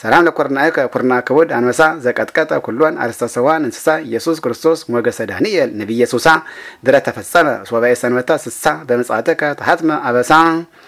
ሰላም ለኩርናከ ኩርና ክቡድ አንበሳ ዘቀጥቀጠ ኩሎን አርስተ ሰዋን እንስሳ ኢየሱስ ክርስቶስ ሞገሰ ዳንኤል ነቢየ ሱሳ ድረ ተፈጸመ ሶባኤ ሰንበታ ስሳ በመጻተከ ተሃትመ አበሳ